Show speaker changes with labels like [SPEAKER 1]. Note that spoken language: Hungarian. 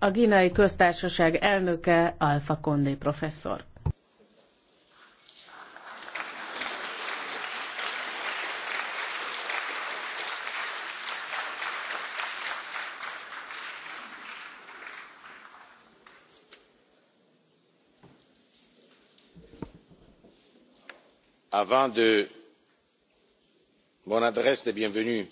[SPEAKER 1] A Guineai Köztársaság elnöke Alfa Condé professzor.
[SPEAKER 2] avant de mon adresse de bienvenue